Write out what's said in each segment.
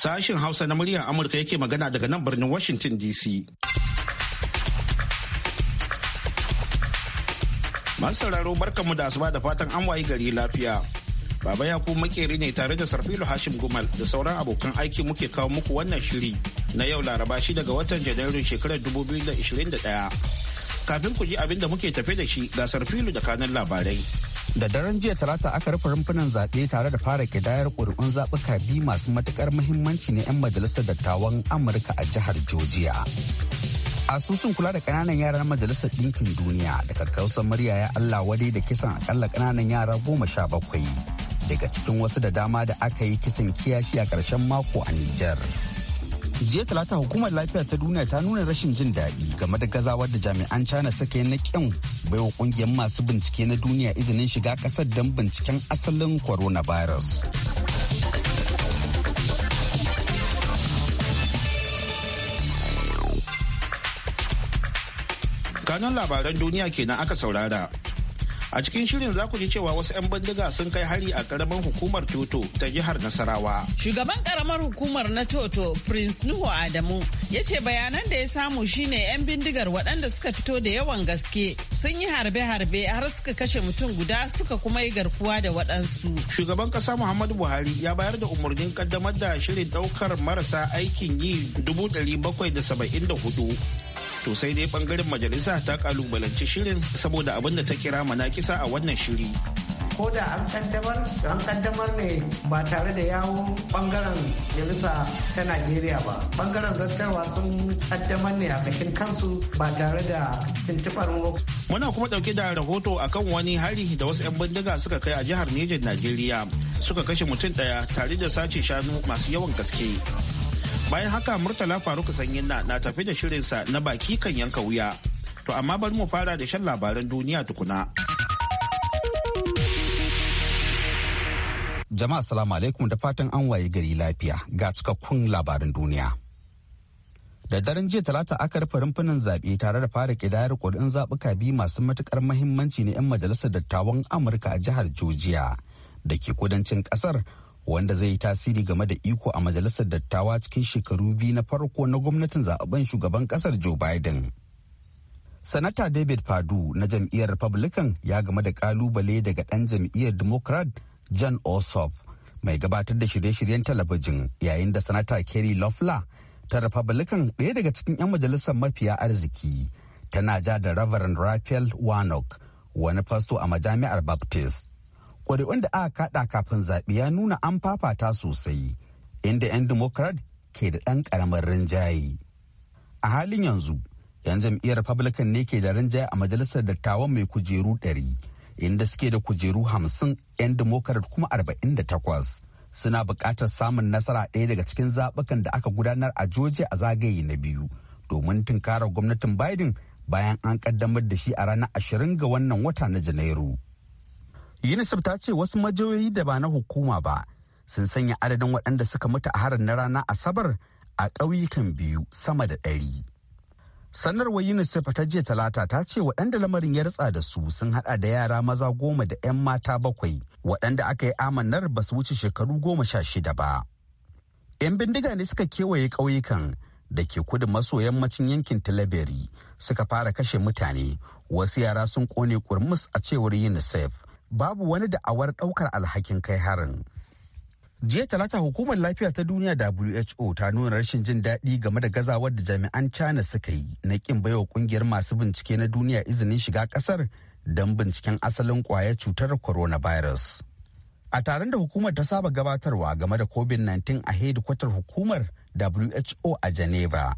Sashen Hausa na muryar Amurka yake magana daga nan birnin Washington DC. Masararo barkanmu da asuba da fatan an wayi gari lafiya. Baba Yakubu makeri ne tare da Sarfilu Hashim Gumal da sauran abokan aiki muke kawo muku wannan shiri na yau Laraba shi daga watan Janairun shekarar 2021. Kafin ku ji abin da muke tafe da shi ga Sarfilu da kanan labarai. da daren jiya talata aka rufe rumfunan zaɓe tare da fara kidayar ƙuri'un zaɓuka biyu masu matuƙar muhimmanci ne 'yan majalisar dattawan amurka a jihar georgia asusun kula da ƙananan yara na majalisar ɗinkin duniya da karkarsar murya ya allah wadai da kisan akalla ƙananan yara goma sha bakwai daga cikin wasu da dama da aka yi kisan kiyashi a ƙarshen mako a nijar. jiya talata hukumar lafiya ta duniya ta nuna rashin jin daɗi game da gazawar da jami'an china suka yi na kyan baiwa kungiyar masu bincike na duniya izinin shiga ƙasar don binciken asalin coronavirus kanun labaran duniya kenan aka saurara a cikin shirin za ku ji cewa wasu 'yan bindiga sun kai hari a karamar hukumar toto ta jihar nasarawa shugaban karamar hukumar na toto prince nuhu adamu ya ce bayanan da ya samu shine 'yan bindigar waɗanda suka fito da yawan gaske sun yi harbe-harbe har suka kashe mutum guda suka kuma yi garkuwa da waɗansu shugaban ƙasa muhammadu buhari ya bayar da umarnin kaddamar da shirin ɗaukar marasa aikin yi dubu ɗari bakwai da saba'in da hudu to sai dai bangaren majalisa ta kalubalanci shirin saboda abin da ta kira manakisa a wannan shiri ko da an kaddamar an kaddamar ne ba tare da yawo bangaren majalisa ta najeriya ba bangaren zartarwa sun kaddamar ne a kashin kansu ba tare da tuntuɓar muna kuma dauke da rahoto akan wani hari da wasu 'yan bindiga suka kai a jihar Nijar najeriya suka kashe mutum ɗaya tare da sace shanu masu yawan gaske bayan haka murtala faruk sanyin na na tafi da shirinsa na baki kan yanka wuya to amma bari mu fara da shan labaran duniya tukuna jama'a salamu alaikum da fatan an waye gari lafiya ga cikakkun labaran duniya da daren jiya talata aka rufe rumfunan zaɓe tare da fara ƙidayar ƙuri'un zaɓuka biyu masu matuƙar mahimmanci na 'yan majalisar dattawan amurka a jihar georgia da ke kudancin ƙasar wanda zai yi tasiri game da iko a majalisar dattawa cikin shekaru biyu na farko na gwamnatin zaɓen shugaban ƙasar joe biden sanata david padu na jam'iyyar republican ya game da kalubale daga ɗan jam'iyyar democrat john ossoff mai gabatar da shirye-shiryen talabijin yayin da sanata kerry loeffler ta republican ɗaya daga cikin 'yan majalisar mafiya arziki tana ja da reverend raphael warnock wani fasto a majami'ar baptist ƙuri'un wanda aka kaɗa kafin zaɓe ya nuna an fafata sosai inda 'yan democrat ke da ɗan karamar rinjaye a halin yanzu 'yan jam'iyyar republican ne ke da rinjaye a majalisar dattawan mai kujeru 100 inda suke da kujeru 50 'yan democrat kuma 48 suna bukatar samun nasara ɗaya daga cikin zaɓukan da aka gudanar a joji a zagaye na biyu domin tunkarar gwamnatin Biden bayan an ƙaddamar da shi a ranar 20 ga wannan wata na Janairu. unicef ta ce wasu majiyoyi da ba na hukuma ba sun sanya adadin waɗanda suka mutu a harin na rana asabar a ƙauyukan biyu sama da ɗari sanarwar unicef ta jiya talata ta ce waɗanda lamarin ya ritsa da su sun haɗa da yara maza goma da 'yan mata bakwai waɗanda aka yi amanar ba su wuce shekaru goma sha shida ba 'yan bindiga ne suka kewaye ƙauyukan da ke kudu maso yammacin yankin talaberi suka fara kashe mutane wasu yara sun ƙone kurmus a cewar unicef babu wani da'awar ɗaukar alhakin kai harin. jiya talata hukumar lafiya ta duniya who ta nuna rashin jin daɗi game da gazawar da jami'an china suka yi na ƙin baiwa ƙungiyar masu bincike na duniya izinin shiga ƙasar don binciken asalin ƙwayar cutar coronavirus a taron da hukumar ta saba gabatarwa game da covid-19 a hedikwatar hukumar who a geneva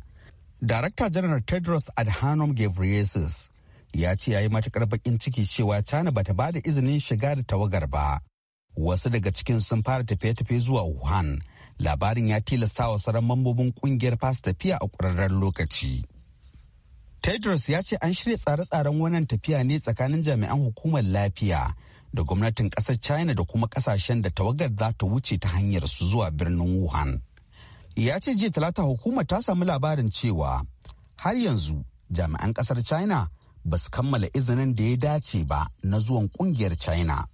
darakta janar tedros adhanom ghebreyesus ya ce ya yi matukar bakin ciki cewa China bata ba da izinin shiga da tawagar ba. Wasu daga cikin sun fara tafiye-tafiye zuwa Wuhan. Labarin ya tilasta wa sauran mambobin kungiyar fasa tafiya a ƙwararren lokaci. Tedros ya ce an shirya tsare-tsaren wannan tafiya ne tsakanin jami'an hukumar lafiya da gwamnatin ƙasar China da kuma ƙasashen da tawagar za ta wuce ta hanyar su zuwa birnin Wuhan. Ya ce jiya talata hukumar ta samu labarin cewa har yanzu jami'an ƙasar China ba su kammala izinin da ya dace ba na zuwan kungiyar china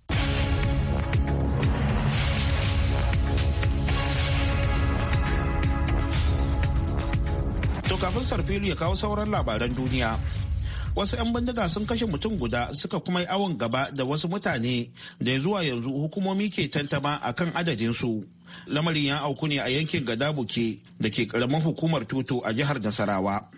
to kafin sarfilu ya kawo sauran labaran duniya wasu 'yan bindiga sun kashe mutum guda suka kuma yi awon gaba da wasu mutane da zuwa yanzu hukumomi ke tantama a kan adadinsu lamarin ya auku ne a yankin gadabuke da ke karamin hukumar toto a jihar nasarawa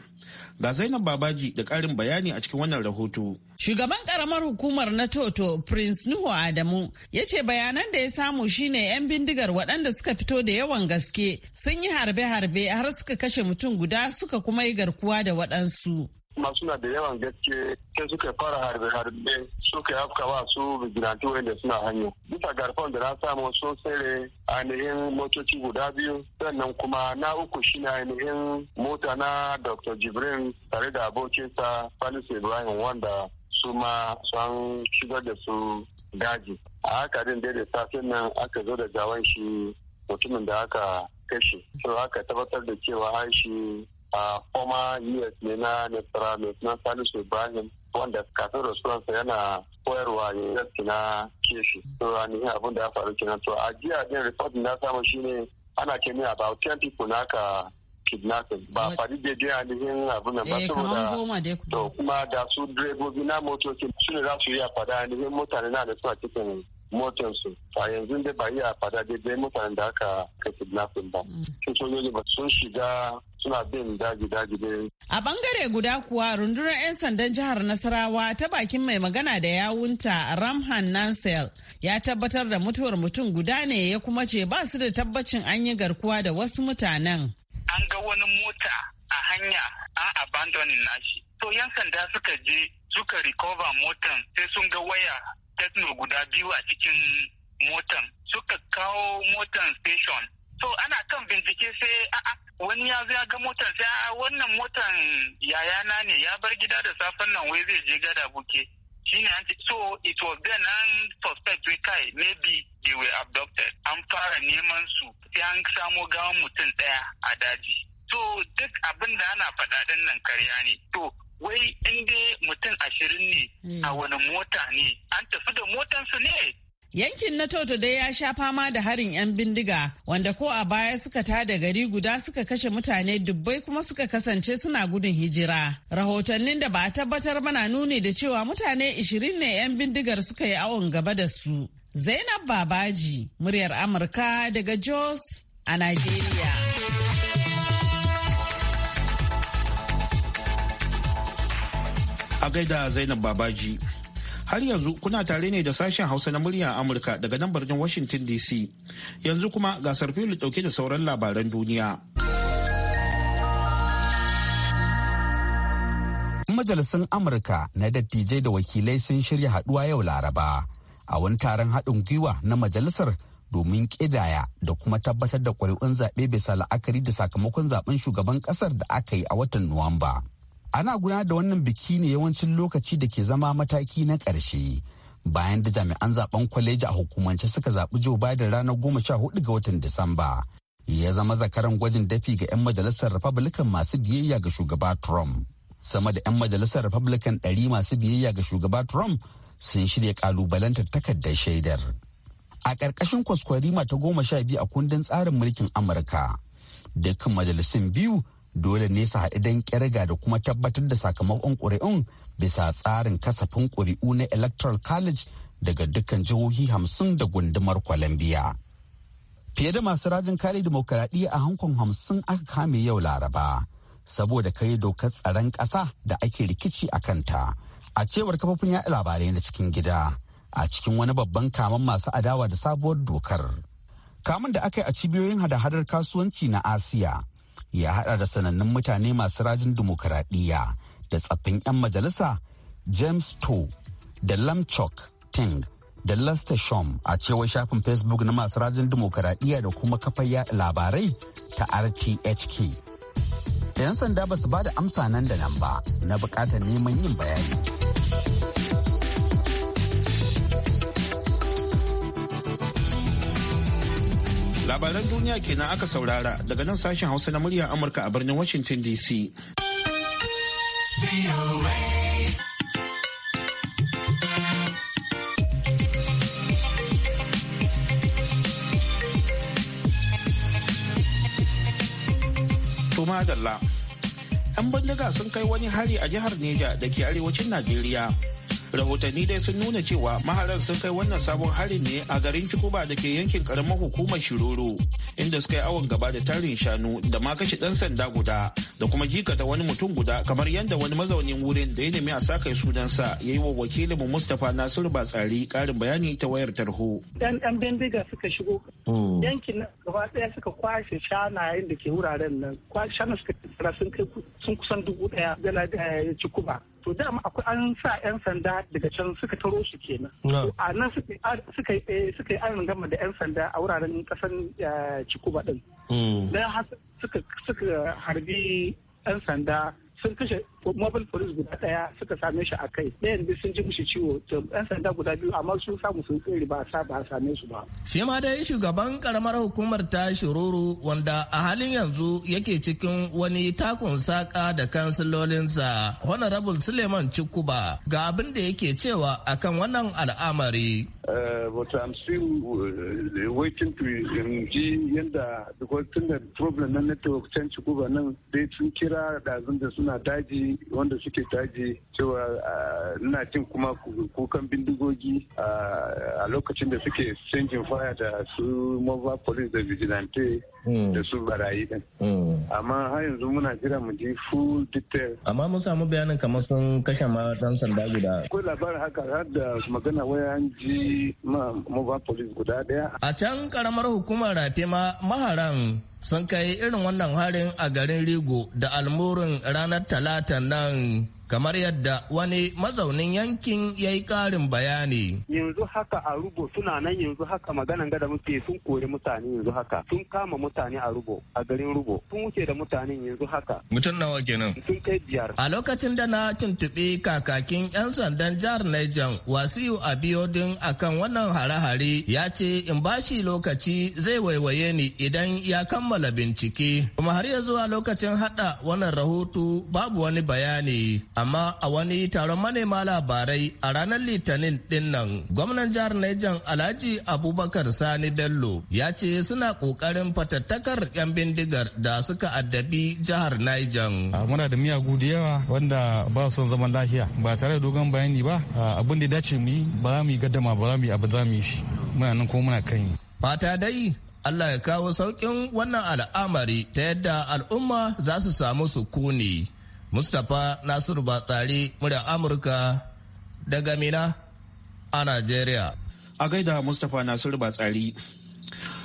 Ga Zainab Babaji da ƙarin bayani a cikin wannan rahoto. Shugaban ƙaramar hukumar na Toto, Prince Nuhu Adamu, ya ce bayanan da ya samu shine 'yan bindigar waɗanda suka fito da yawan gaske sun yi harbe-harbe har suka kashe mutum guda suka kuma yi garkuwa da waɗansu. kuma suna da yawan gaske sai suka fara harbe-harbe suka hafka ba su bigiranti wanda suna hanyo bisa garfon da na samu sun tsere ainihin motoci guda biyu sannan kuma na uku shi na ainihin mota na dr jibrin tare da abokinsa fanis ibrahim wanda su ma sun shigar da su daji a haka din dai da safin nan aka zo da gawan shi mutumin da aka kashe so aka tabbatar da cewa har shi Uh, former us ne na nasara salisu ibrahim wanda kafin rasuwansa yana koyarwa ya yi na keshi to na abin da ya faru kenan to a jiya din report na samu shine ana kemi about 10 people na ka kidnapping ba faɗi daidai ainihin abin nan ba eh, saboda to kuma da su direbobi na motoci su za su yi a faɗa mutane na da suna motarsu a yanzu da ba iya fada daidai mutanen da aka kai kidnapping ba mm. su sojoji ba sun shiga suna bin daji daji da. a bangare guda kuwa rundunar 'yan sandan jihar nasarawa ta bakin mai magana da yawunta ramhan nansel ya tabbatar da mutuwar mutum guda ne ya kuma ce ba su da tabbacin an yi garkuwa da wasu mutanen an ga wani mota a hanya an abandonin nashi to 'yan sanda suka je suka recover motan sai sun ga waya tetno guda biyu a cikin motan suka kawo motan station so ana kan bincike sai a'a wani ya zo ga motan sai a wannan motan yayana ne ya bar gida da safen nan wai zai je gada buke shine an so it was then an suspect we kai maybe they were abducted an fara neman su sai an samo gawan mutum daya a daji so duk abin da ana faɗa nan karya ne to wai dai mutum ashirin ne hmm. a wani mota ne an tafi da motansu ne Yankin na Toto dai ya sha fama da harin 'yan bindiga wanda ko a baya suka tada gari guda suka kashe mutane dubbai kuma suka kasance suna gudun hijira. Rahotannin da ba a tabbatar bana nuni da cewa mutane 20 ne 'yan bindigar suka yi awon gaba da su. Zainab Babaji, muryar Amurka daga Jos a Najeriya. a gaida zainab babaji har yanzu kuna tare ne da sashen hausa na murya amurka daga nan birnin washington dc yanzu kuma gasar fili dauke da sauran labaran duniya majalisun amurka na dattijai da wakilai sun shirya haduwa yau laraba a wani taron haɗin gwiwa na majalisar domin ƙidaya da kuma tabbatar da ƙuri'un zaɓe bisa la'akari da sakamakon zaben shugaban ƙasar da aka yi a watan nuwamba. ana gudanar da wannan biki ne yawancin lokaci da ke zama mataki na ƙarshe bayan da jami'an zaben kwaleji a hukumance suka zaɓi Joe Biden ranar goma sha hudu ga watan Disamba. Ya zama zakaran gwajin dafi ga 'yan majalisar Republican masu biyayya ga shugaba Trump. Sama da 'yan majalisar Republican ɗari masu biyayya ga shugaba Trump sun shirya ƙalubalantar takardar shaidar. A ƙarƙashin kwaskwarima ta goma sha biyu a kundin tsarin mulkin Amurka, dukkan majalisun biyu dole ne su haɗu don ƙirga da kuma tabbatar da sakamakon ƙuri'un bisa tsarin kasafin ƙuri'u na electoral college daga dukkan jihohi hamsin da gundumar kwalambiya. Fiye da masu rajin kare demokaradiyya a hankon hamsin aka kame yau Laraba, saboda kare dokar tsaron ƙasa da ake rikici a kanta, a cewar kafafun yaɗa labarai na cikin gida, a cikin wani babban kaman masu adawa da sabuwar dokar. Kamun da aka yi a cibiyoyin hada-hadar kasuwanci na Asiya, ya hada da sanannun mutane masu rajin dimokuraɗiyya da tsaffin 'yan majalisa james to da lamchok ting da lester shom a cewar shafin facebook na masu rajin dimokuraɗiyya da kuma kafar yaɗa labarai ta rthk yan sanda ba su ba da amsa nan da nan ba na bukatar neman yin bayani. Labaran duniya kenan aka saurara daga nan sashen Hausa na muryar Amurka a birnin Washington DC. Tuma 'Yan bindiga sun kai wani hari a jihar Neja da ke arewacin Najeriya. rahotanni dai sun nuna cewa maharar sun kai wannan sabon harin ne a garin cikuba da ke yankin karamar hukumar shiroro inda suka yi awon gaba da tarin shanu da ma kashe dan sanda guda da kuma jikata wani mutum guda kamar yadda wani mazaunin wurin da ya nemi a sakai sunansa ya yi wa wakilinmu mustapha nasir batsari karin bayani ta wayar tarho yan yan bindiga suka shigo hmm. yankin na gaba daya suka kwashe shanayen da ke wuraren nan kwashe suka sun kai sun kusan dubu daya da eh, cikuba to dama akwai an sa 'yan sanda daga can suka taro shi kenan a nan suka eh, yi an gama da 'yan sanda a wuraren kasan cikuba din hmm. da suka harbi 'yan sanda sun kashe mobile police guda daya suka same shi a kai ɗaya yanzu sun ji mishi ciwo to yan sanda guda biyu amma sun samu sun tsere ba sa ba same su ba shi ma dai shugaban karamar hukumar ta shiroro wanda a halin yanzu yake cikin wani takun saka da kansilolinsa honorable suleiman cikuba ga abin da yake cewa akan wannan al'amari Eh, but I'm still eh, waiting to eh, ji yadda because tun da problem na network can ci guba nan dai sun kira zan da suna daji wanda suke daji cewa ina jin kuma kukan bindigogi a lokacin da suke canjin faya da su mobile police da vigilante hmm. da su barayi din. Hmm. Amma har yanzu muna jira mu ji full detail. Amma mun samu bayanin kamar sun kashe ma dan sanda guda. Akwai labarin haka har da magana waya an ji mobile police guda daya. A can karamar hukumar rafi ma maharan sun kai irin wannan harin a garin Rigo da almurin ranar talata nan kamar yadda wani mazaunin yankin ya yi ƙarin bayani. Yanzu haka a rubo suna nan yanzu haka maganan gada muke sun kori mutane yanzu haka sun kama mutane a rubo a garin rubo sun wuce da mutane yanzu haka. Mutum nawa kenan? Sun kai biyar. A lokacin da na tuntuɓi kakakin 'yan sandan jihar Niger Wasiu Abiodun akan wannan hare-hare ya ce in bashi lokaci zai waiwaye ni idan ya kammala bincike. Kuma har ya zuwa lokacin haɗa wannan rahoto babu wani bayani. amma a wani taron manema labarai a ranar litinin din nan gwamnan jihar Niger Alhaji Abubakar Sani Bello ya ce suna kokarin fatattakar yan bindigar da suka addabi jihar Niger. Muna da miyagu da yawa wanda ba son zaman lafiya ba tare da dogon bayani ba abin da dace mu yi ba za mu yi gaddama ba za mu yi abu za mu yi shi muna nan kuma muna kan yi. Fata dai Allah ya kawo sauƙin wannan al'amari ta yadda al'umma za su samu sukuni. Mustapha Nasir Batsari murya Amurka daga Mina a Najeriya. A gaida Mustapha Nasiru Batsari.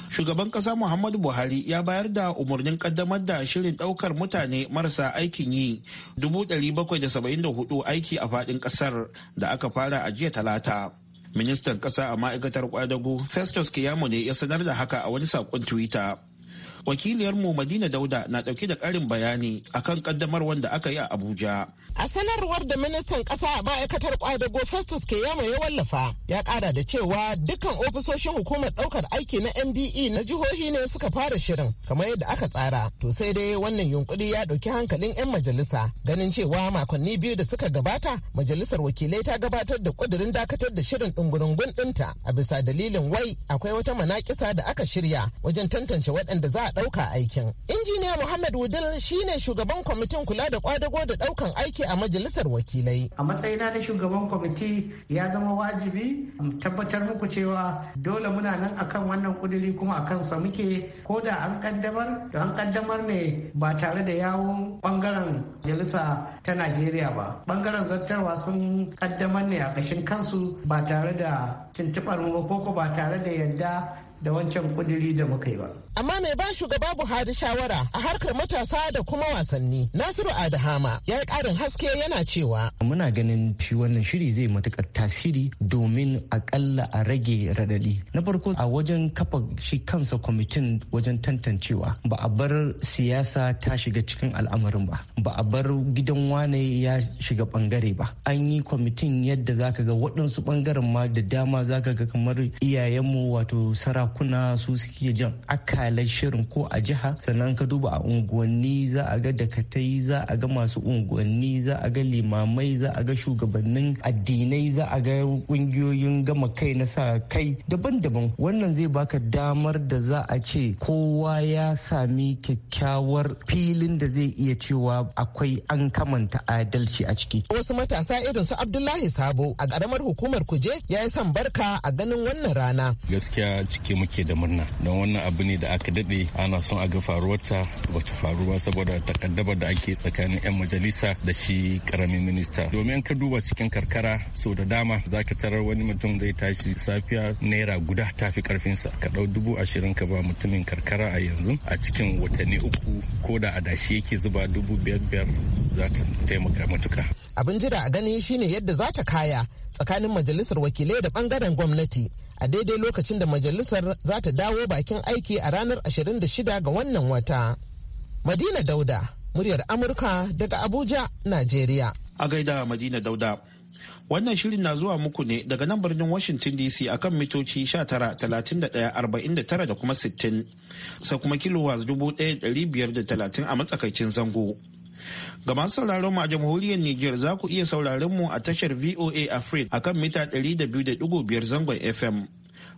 Shugaban ƙasa Muhammadu Buhari ya bayar da umarnin ƙaddamar da shirin ɗaukar mutane marasa aikin yi 774 aiki a faɗin ƙasar da aka fara a jiya talata. Ministan ƙasa a ma'aikatar kwadago Festus Kiyamu, ne ya sanar da haka a wani saƙon Twitter. wakiliyar mu madina dauda na dauke da karin bayani akan kaddamar wanda aka yi a abuja A sanarwar da ministan kasa a ma'aikatar kwadago Festus yamma ya wallafa ya kara da cewa dukkan ofisoshin hukumar daukar aiki na MDE na jihohi ne suka fara shirin kamar yadda aka tsara. To sai dai wannan yunkuri ya dauki hankalin 'yan majalisa ganin cewa makonni biyu da suka gabata majalisar wakilai ta gabatar da ƙudirin dakatar da shirin ɗungurungun dinta a bisa dalilin wai akwai wata manakisa da aka shirya wajen tantance waɗanda za a ɗauka aikin. Injiniya Muhammad Wudil shine shugaban kwamitin kula da kwadago da ɗaukan aiki a majalisar wakilai. A matsayina na shugaban kwamiti ya zama wajibi tabbatar muku cewa dole muna nan akan wannan kuduri kuma akan sa muke ko da an kaddamar da an kaddamar ne ba tare da yawon bangaren majalisa ta Najeriya ba. Bangaren zartarwa sun kaddamar ne a ƙashin kansu ba tare da tuntuɓar mu ko ba tare da yadda da wancan kuduri da muka yi ba. amma mai ba shugaba buhari shawara a harkar matasa da kuma wasanni nasiru adahama ya yi karin haske yana cewa muna ganin shi wannan shiri zai matukar tasiri domin akalla a rage radadi na farko a wajen kafa shi kansa kwamitin wajen tantancewa ba a bar siyasa ta shiga cikin al'amarin ba ba a bar gidan wane ya shiga bangare ba an yi kwamitin yadda zaka ga waɗansu bangaren ma da dama zaka ga kamar iyayenmu wato sarakuna su suke jan aka halar shirin ko a jiha sannan ka duba a unguwanni za a ga dakatai za a ga masu unguwanni za a ga limamai za a ga shugabannin addinai za a ga kungiyoyin gama kai na sa kai daban-daban wannan zai baka damar da za a ce kowa ya sami kyakkyawar filin da zai iya cewa akwai an kamanta adalci a ciki wasu matasa irin su abdullahi sabo a karamar hukumar kuje ya yi son barka a ganin wannan rana gaskiya ciki muke da murna don wannan abu ne da aka daɗe ana son a ga faruwarta bata faru ba saboda takaddamar da ake tsakanin 'yan majalisa da shi karamin minista domin ka duba cikin karkara sau da dama za ka tarar wani mutum zai tashi safiya naira guda ta fi karfinsa ka dau dubu ashirin ka ba mutumin karkara a yanzu a cikin watanni uku ko da a dashi yake zuba dubu biyar biyar za ta taimaka matuka abin jira a gani shine yadda za ta kaya tsakanin majalisar wakilai da bangaren gwamnati a daidai lokacin da majalisar za ta dawo bakin aiki a ranar 26 ga wannan wata. Madina Dauda, muryar Amurka daga Abuja, Najeriya. A gaida Madina Dauda. Wannan shirin na zuwa muku ne daga nan birnin Washington DC akan mitoci 19,31,49 da kuma 60 sai kuma kilowatts 1,530 a matsakaicin zango. Ga masu sauraron mu a jamhuriyar Nijar za ku iya sauraron mu a tashar VOA Africa a kan mita 200.5 zangon FM.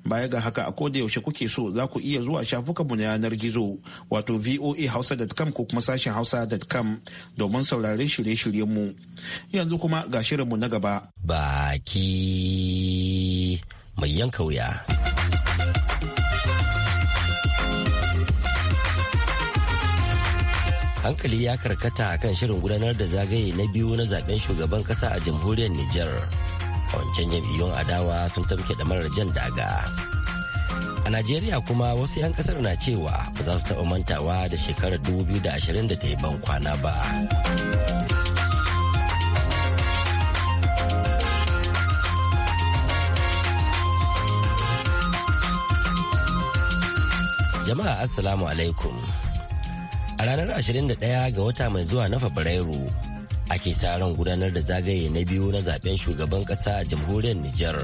Baya ga haka a koda yaushe kuke so za ku iya zuwa shafukanmu na yanar gizo wato voahausa.com ko kuma sashen hausa.com domin sauraron shirye-shiryen mu. Yanzu kuma ga shirinmu na gaba. Baki mai yanka wuya. hankali ya karkata a kan shirin gudanar da zagaye na biyu na zaben shugaban kasa a jamhuriyar Nijar. Kawancan jam'iyyun adawa sun tamke marar jan daga. A Najeriya kuma wasu 'yan kasar na cewa ba za su taɓa mantawa da shekarar 2020 da ta yi ban kwana ba. Jama'a Assalamu alaikum. a ranar 21 ga wata mai zuwa na fabrairu ake sa ran gudanar da zagaye na biyu na zaben shugaban kasa a jamhuriyar Nijar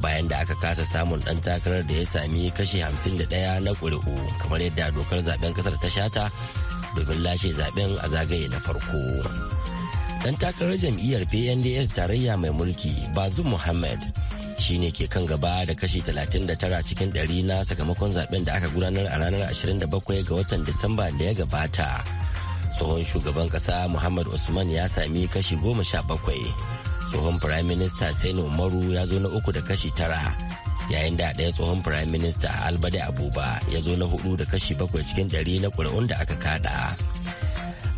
bayan da aka kasa samun dan takarar da ya sami kashi 51 na ƙuri'u kamar yadda dokar zaben kasar ta shata domin lashe zaben a zagaye na farko. Dan takarar jam'iyyar PNDS tarayya mai mulki Bazum Muhammad shine ke kan gaba da kashi 39 cikin ɗari na sakamakon zaben da aka gudanar a ranar 27 ga watan Disamba da ya gabata. Tsohon shugaban kasa Muhammad Usman ya sami kashi 17. Tsohon Firayim Minista Sani Umaru ya zo na uku da kashi tara. Yayin da ɗaya tsohon Firayim Minista Albade Abuba ya zo na hudu da kashi bakwai cikin ɗari na ƙuri'un da aka kada.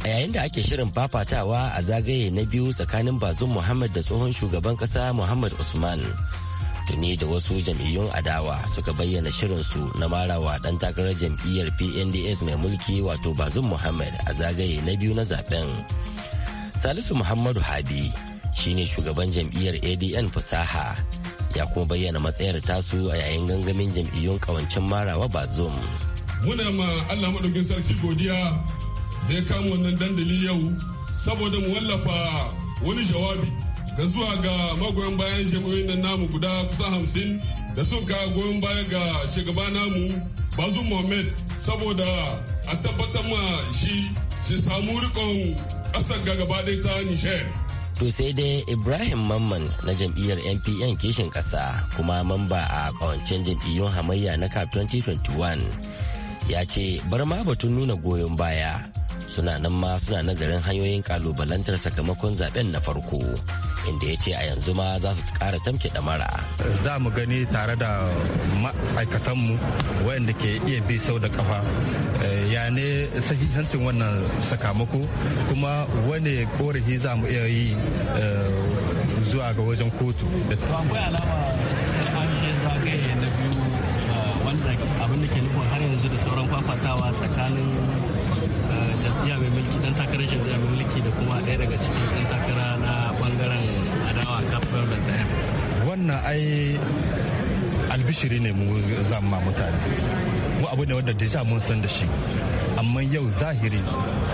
a yayin da ake shirin fafatawa a zagaye na biyu tsakanin bazun muhammad da tsohon shugaban kasa muhammad usman tuni da wasu jam'iyyun adawa suka bayyana shirinsu na marawa dan takarar jam'iyyar pnds mai mulki wato bazum muhammad a zagaye na biyu na zaben salisu muhammadu habi shine shugaban jam'iyyar adn fasaha ya kuma bayyana matsayar tasu a yayin gangamin jam'iyyun kawancin marawa bazum muna ma allah maɗaukin sarki godiya da ya kama wannan dandali yau saboda mu wallafa wani jawabi ga zuwa ga magoyan bayan jam'iyyoyin nan namu guda kusa hamsin da suka goyon baya ga shugaba namu bazu mohamed saboda a tabbatar ma shi shi samu rikon ƙasar ga gaba ta nishayar. To sai dai Ibrahim Mamman na jam'iyyar NPN kishin ƙasa kuma mamba a ƙawancen jam'iyyun hamayya na CAP 2021 ya ce bar ma batun nuna goyon baya suna nan ma suna nazarin hanyoyin kalubalantar sakamakon zaben na farko inda ya ce a yanzu ma za su kara tamke mara. za mu gani tare da ma'aikatanmu waɗanda ke iya bi sau da kafa eh, ya ne sahihancin wannan sakamako kuma wane korafi za mu iya yi eh, zuwa ga wajen kotu. alama eh, abin da ke nufin har yanzu da sauran kwakwatawa tsakanin jam'iyya mai mulki dan takarar jam'iyya mai mulki da kuma ɗaya daga cikin dan takara na bangaren adawa kafin da ɗaya wannan ai albishiri ne mu zama mutane abu ne wanda deja mun san da shi amma yau zahiri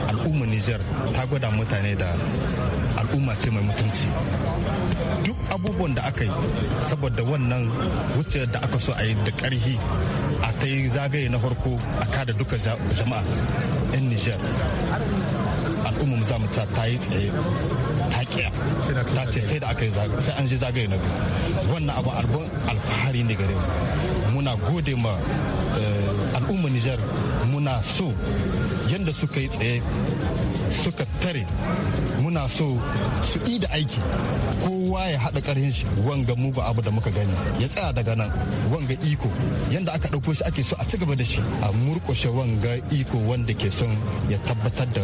al'ummar niger ta gwada mutane da al'umma ce mai mutunci duk abubuwan da aka yi saboda wannan wuce da aka so a yi da karhi a ta yi zagaye na farko a kada duka jama'a 'yan niger al'ummar za mu ta yi tsaye ta ce sai da aka yi sai an ji zagaye na biyu wannan abu alfahari ne gare mu muna gode ma eh, al'umma Nijar muna so yadda suka yi tsaye suka tare muna so su yi da aiki kowa ya haɗa ƙarhin shi wanga mu ba abu da muka gani ya tsaya daga nan wanga iko yadda aka ɗauko shi ake so a ci gaba da shi a murƙushe wanga iko wanda ke son ya tabbatar da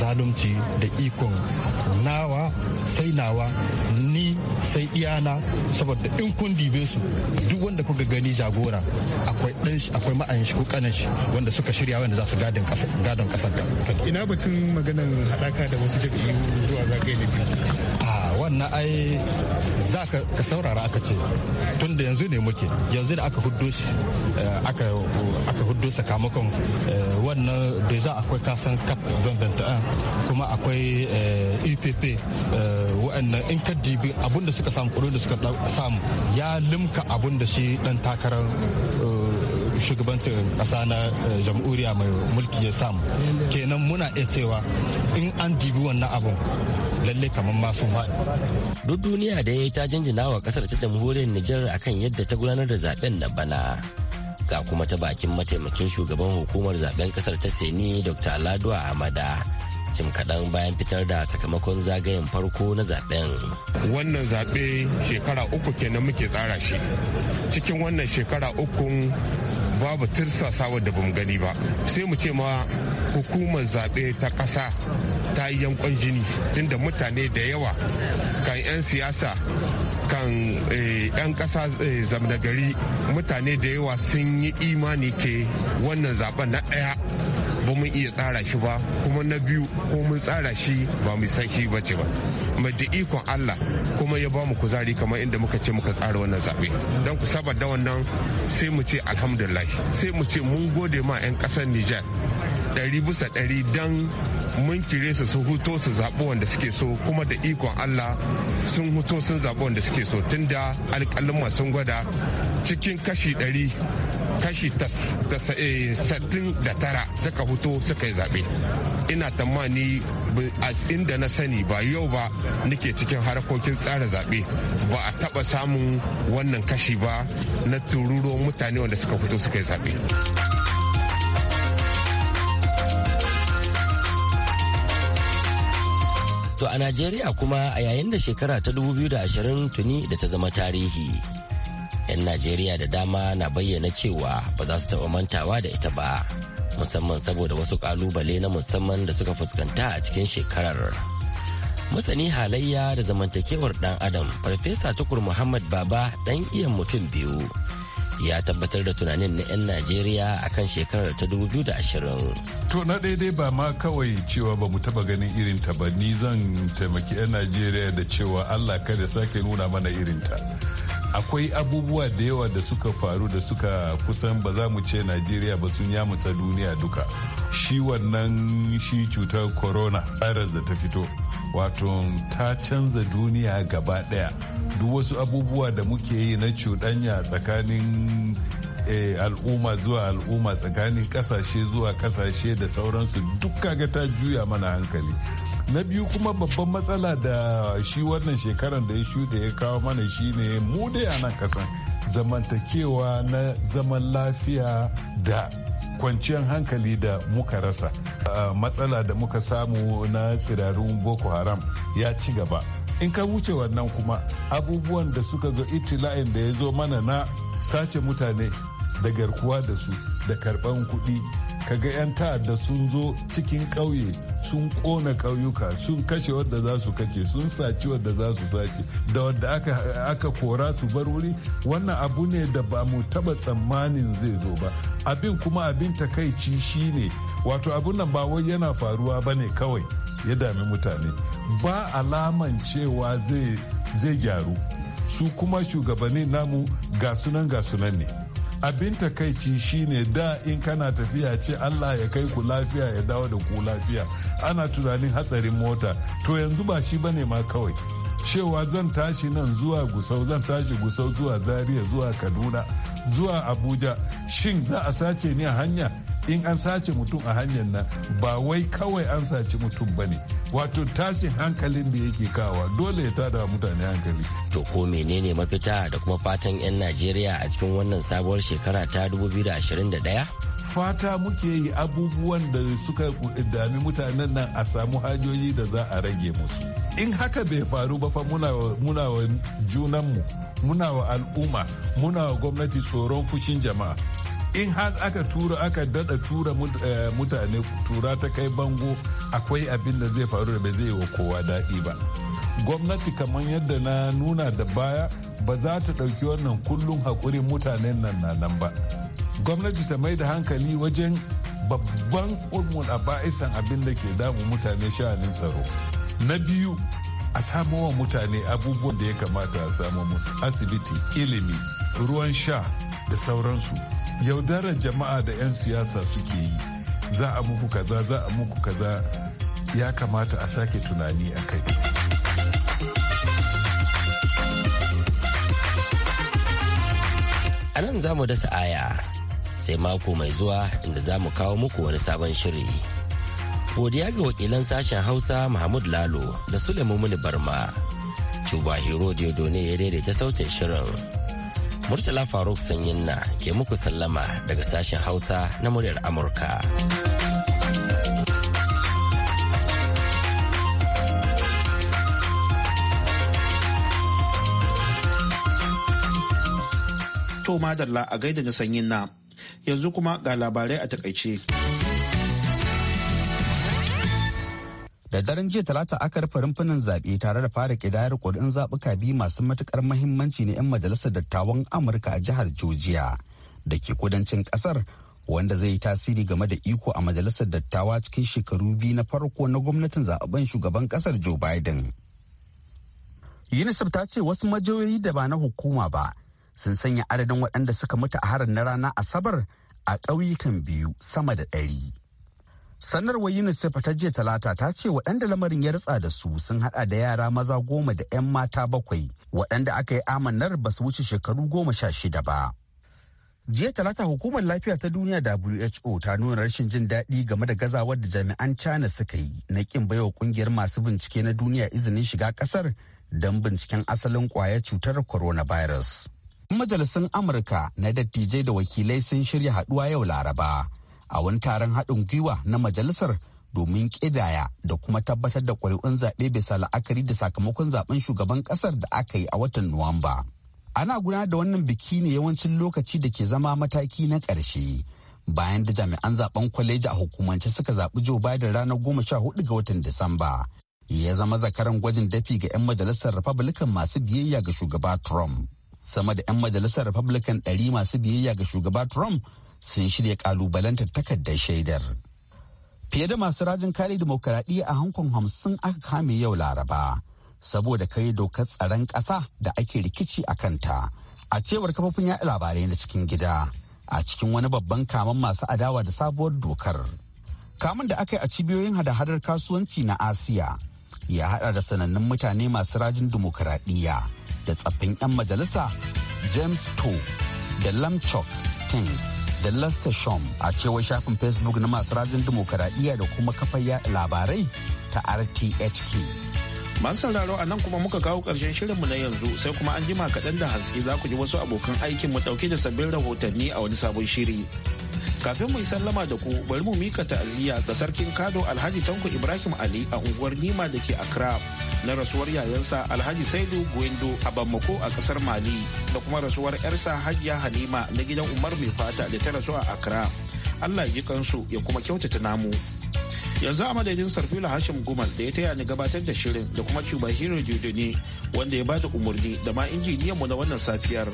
zalunci da ikon nawa sai nawa ni sai iyana saboda in kun dibe su duk wanda kuka gani jagora akwai dan shi akwai ma'ayin shi ko kanan shi wanda suka shirya wanda za su gadon gadin kasar ka ina batun maganar haɗaka da wasu jam'iyyu zuwa zagaye na biyu a wannan ai za ka saurara aka ce tun da yanzu ne muke yanzu da aka huddo shi eh, aka hudu sakamakon eh, wannan deja akwai kasan cap 2021 kuma akwai epp eh, e eh, wa'annan in ka dibi abinda suka samu kudin da suka samu ya limka abinda shi dan takarar shugabancin kasa na jamhuriya mai mulki ya samu kenan muna iya cewa in an dibi wannan abun lalle kamar masu haɗi. duk duniya da ya ta jinjina wa kasar ta jamhuriyar nijar akan yadda ta gudanar da zaben na bana ga kuma ta bakin mataimakin shugaban hukumar zaben kasar ta seni dr aladuwa amada jim kaɗan bayan fitar da sakamakon zagayen farko na zaben wannan zaɓe shekara uku kenan muke tsara shi cikin wannan shekara uku babu tirsasawa da bamu gani ba sai mu ce ma hukumar zaɓe ta ƙasa ta yi yankon jini tunda mutane da yawa kan 'yan siyasa 'yan ƙasa eh, zamna gari mutane da yawa sun yi imani ke wannan zaben na ɗaya ba mu iya tsara shi ba kuma na biyu ko mun tsara shi ba mu san shi ba ce ba mai da ikon Allah kuma ya ba mu kuzari kamar inda muka ce muka tsara wannan zaɓe don ku saba da wannan sai mu ce alhamdulillah sai mu ce mun gode ma 'yan ƙasar Nijar ɗari bisa ɗari don mun kire su su huto su zaɓi wanda suke so kuma da ikon allah sun huto sun zaɓi wanda suke so tunda alƙalin sun gwada cikin kashi ɗari kashi sattin eh, da tara suka huto suka yi zaɓe ina tamani inda na sani ba yau ba nake cikin harkokin tsara zaɓe ba a taɓa samun wannan kashi ba na tururuwan mutane wanda suka fito suka yi zaɓe. To a Najeriya kuma a yayin da shekara ta 2020 tuni da ta zama tarihi. 'Yan Najeriya da dama na bayyana cewa ba za su taɓa mantawa da ita ba, musamman saboda wasu ƙalubale na musamman da suka fuskanta a cikin shekarar. Masani halayya da zamantakewar ɗan Adam, Farfesa Tukur Muhammad Baba ɗan iya mutum biyu. ya tabbatar da tunanin na 'yan najeriya a kan shekarar ta 2020 to na daidai ba ma kawai cewa ba mu taba ganin irin ta ba ni zan taimaki 'yan najeriya da cewa allah kada sake nuna mana irin ta akwai abubuwa da yawa da suka faru da suka kusan ba za mu ce najeriya ba sun yamutsa duniya duka shi wannan shi cutar corona virus da ta fito wato ta canza duniya gaba daya duk wasu abubuwa da muke yi na cuɗanya tsakanin eh, al'umma zuwa al'umma tsakanin kasashe zuwa kasashe da sauransu dukka ga ta juya mana hankali na biyu kuma babban matsala da shi wannan shekaran da ya shuɗe ya kawo mana shine mu dai a nan kasan zamantakewa na zaman lafiya da kwanciyar hankali da muka rasa matsala da muka samu na tsirarun boko haram ya ci gaba in ka wuce wannan kuma abubuwan da suka zo itila'in da ya zo mana na sace mutane da garkuwa da su da karban kuɗi kaga 'yan ta'adda sun zo cikin ƙauye sun ƙona ƙauyuka sun kashe wadda za su kashe sun saci wadda za su sace da wadda aka, kora su bar wuri wannan abu ne da ba mu taba tsammanin zai zo ba abin kuma abin takaici ne wato abin nan ba wai yana faruwa ba ne kawai ya dami mutane ba alaman cewa zai gyaru su kuma shugabanni namu ga sunan ga sunan ne abin takaici shine da in kana tafiya ce Allah ya kai ku lafiya ya dawo da ku lafiya ana tunanin hatsarin mota to yanzu ba shi bane ma kawai cewa zan tashi nan zuwa gusau zan tashi gusau zuwa zaria zuwa kaduna zuwa abuja shin za a sace ni a hanya in an sace mutum a hanyar nan ba wai kawai an sace mutum ba ne wato tashin hankalin da yake kawa dole ya tada mutane hankali to ko menene mafita da kuma fatan 'yan najeriya a cikin wannan sabuwar shekara ta 2021 fata muke yi abubuwan da suka dami mutanen nan a samu hanyoyi da za a rage musu in haka bai faru ba fa muna wa junanmu muna wa al'umma muna wa gwamnati tsoron fushin jama'a in har aka tura aka dada tura eh, mutane tura ta kai bango akwai abin da zai faru da bai zai wa kowa daɗi ba gwamnati kamar yadda na nuna da baya ba za ta ɗauki wannan kullum haƙurin mutanen nan na nan ba gwamnati ta mai da hankali wajen babban ulmun a ba'isan abin da ke damu mutane sha'anin tsaro na biyu a samo wa mutane abubuwan da ya kamata a samu mutu asibiti ilimi ruwan sha da sauransu yaudarar jama'a da 'yan siyasa suke yi za a muku kaza za a muku kaza ya kamata a sake tunani a kai a nan za mu dasa aya sai mako mai zuwa inda za mu kawo muku wani sabon shiri. godiya ga wakilan sashen hausa mahmud lalo da Muni barma cuba hero ne ya daidaita sautin shirin murtala faruk sanyin na ke muku sallama daga sashen hausa na muryar amurka to madalla a gaida na sanyin na yanzu kuma ga labarai a takaice. da daren jiya talata aka rufe rumfunan zaɓe tare da fara kidayar kudin zaɓuka biyu masu matukar mahimmanci na 'yan majalisar dattawan amurka a jihar georgia da ke kudancin ƙasar wanda zai yi tasiri game da iko a majalisar dattawa cikin shekaru biyu na farko na gwamnatin zaɓen shugaban ƙasar joe biden unicef ta ce wasu majiyoyi da ba na hukuma ba sun sanya adadin waɗanda suka mutu a harin na rana asabar a ƙauyukan biyu sama da ɗari. sanarwar unicef ta jiya talata ta ce waɗanda lamarin ya ritsa da su sun haɗa da yara maza goma da 'yan mata bakwai waɗanda aka yi amanar ba su wuce shekaru goma sha shida ba jiya talata hukumar lafiya ta duniya who ta nuna rashin jin daɗi game da gazawar da jami'an china suka yi na ƙin baiwa ƙungiyar masu bincike na duniya izinin shiga ƙasar don binciken asalin ƙwayar cutar coronavirus majalisun amurka na dattijai da wakilai sun shirya haɗuwa yau laraba a wani taron haɗin gwiwa na majalisar domin ƙidaya da kuma tabbatar da ƙuri'un zaɓe bisa la'akari da sakamakon zaben shugaban ƙasar da aka yi a watan Nuwamba. Ana gudanar da wannan biki ne yawancin lokaci da ke zama mataki na ƙarshe bayan da jami'an zaben kwaleji a hukumance suka zaɓi Joe Biden ranar goma sha hudu ga watan Disamba. Ya zama zakaran gwajin dafi ga 'yan majalisar Republican masu biyayya ga shugaba Trump. Sama da 'yan majalisar Republican ɗari masu biyayya ga shugaba Trump sun shirya kalubalantar takardar shaidar. Fiye da masu rajin kare dimokuraɗiyya a hankon hamsin aka kame yau Laraba, saboda kare dokar tsaron ƙasa da ake rikici a kanta, a cewar kafafin yaɗa labarai na cikin gida, a cikin wani babban kaman masu adawa da sabuwar dokar. Kamun da aka yi a cibiyoyin hada-hadar kasuwanci na Asiya ya haɗa da sanannun mutane masu rajin dimokuraɗiyya da tsaffin 'yan majalisa James To da Lamchok Teng. da Lester Shom a cewar shafin Facebook na masu rajin dimokuraɗiyya da kuma kafar labarai ta RTHK. Masu sauraro a nan kuma muka kawo ƙarshen shirinmu na yanzu sai kuma an jima kaɗan da hantsi za ku ji wasu abokan aikin mu ɗauke da sabbin rahotanni a wani sabon shiri. kafin mu yi sallama da ku bari mu mika ta'aziyya ga sarkin kado alhaji tanko ibrahim ali a unguwar nima da ke accra na rasuwar yayansa alhaji saidu gwendo a bamako a kasar mali da kuma rasuwar yarsa hajiya halima na gidan umar mai fata da ta rasu a accra allah ya kansu ya kuma kyautata namu yanzu a madadin sarfila hashim gumal da ya taya ni gabatar da shirin da kuma cuba hero ne wanda ya ba da umarni da ma injiniyanmu na wannan safiyar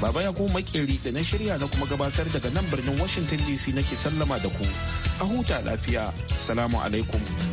Baba ya kuma makeri da na shirya na kuma gabatar daga nan birnin Washington DC nake sallama da ku. A huta lafiya. Salamu alaikum.